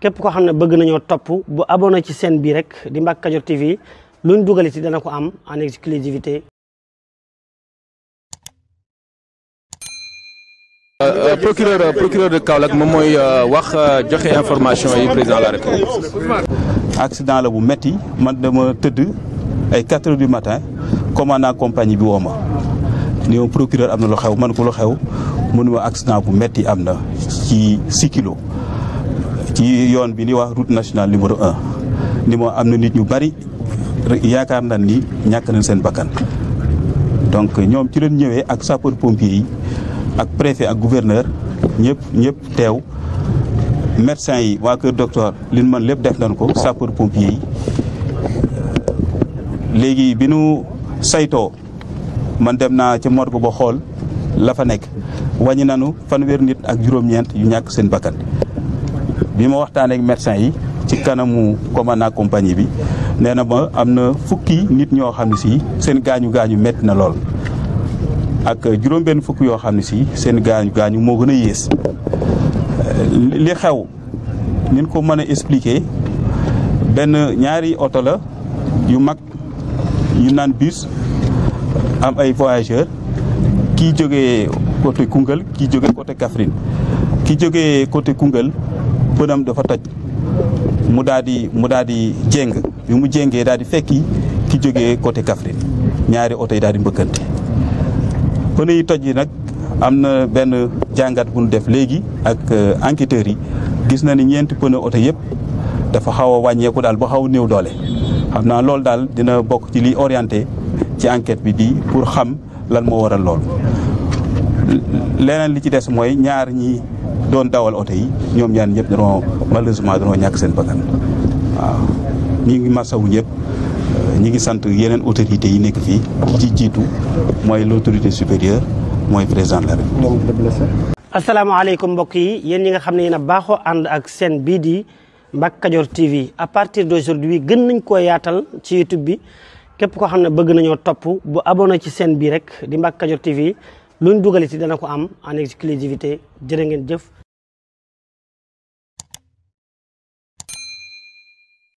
képp koo xam ne bëgg nañoo topp bu abonné ci seen bii rek di Mbacke Kadior TV luñ dugal ci dana ko am en exclusivité euh, euh, procureur euh, procureur moom mooy wax joxe information yi président de la bu metti man dama tëdd ay 4 heures du matin commandant compagnie bi woo ma ni ma procureur am na lu xew man ko lu xew mënuma accident bu metti am na ci 6 kilos ci yoon bi ni wax route nationale numéro un ni moo am na nit ñu bari yaakaar naa ni ñàkk nañ seen bakkan donc ñoom ci leen ñëwee ak sapeur pompier yi ak préfet ak gouverneur ñëpp ñëpp teew médecin yi waa kër docteur liñ mën lépp def nañ ko sapeur pompier yi léegi bi nu saytoo man dem naa ci morgue ba xool la fa nekk wàññi nanu fanweer nit ak juróom-ñeent yu ñàkk seen bakkan bi ma waxtaanee ak médecin yi ci kanamu commandant compagnie bi nee na ma am na fukki nit ñoo xam ne si seen gaañu gaañu métti na lool ak juróom-benn fukk yoo xam ne si seen gaañu gaañu moo gën a yées li xew nin ko mën a expliquer benn ñaari oto la yu mag yu naan bis am ay voyageur kii jóge côté Koungheul kii jóge côté Kaffrine ki jóge côté Koungheul bënam dafa toj mu daal di mu daal di jéng bi mu jéngee daal di fekki ki jógee côté Kaffrine ñaari oto yi daal di mbëkkante pneu yi toj yi nag am na benn jàngat bu nu def léegi ak euh, enquêteurs yi gis na ni ñeenti pneu oto yëpp dafa xaw a wàññeeku daal ba xaw a néew doole xam naa loolu daal dina bokk ci liy orienté ci enquête bi bii pour xam lan moo waral loolu leneen li ci des mooy ñaar ñi doon dawal oto yi ñoom ñaan ñëpp danoo malheureusement danoo ñàkk seen bakkan waaw ñi ngi masawu ñëpp ñi ngi sant yeneen autorités yi nekk fii ci jiitu mooy l' autorité supérieure mooy président de la République. asalaamaaleykum mbokk yi yéen ñi nga xam ne yéen a baaxoo ànd ak seen bii di Mbacke Kadior TV à partir d' aujourd'hui gën nañ koo yaatal ci YouTube bi képp koo xam ne bëgg nañoo topp bu abonné ci seen bii rek di Mbacke Kadior TV luñ dugal ci dana ko am en exclusivité jërë ngeen jëf.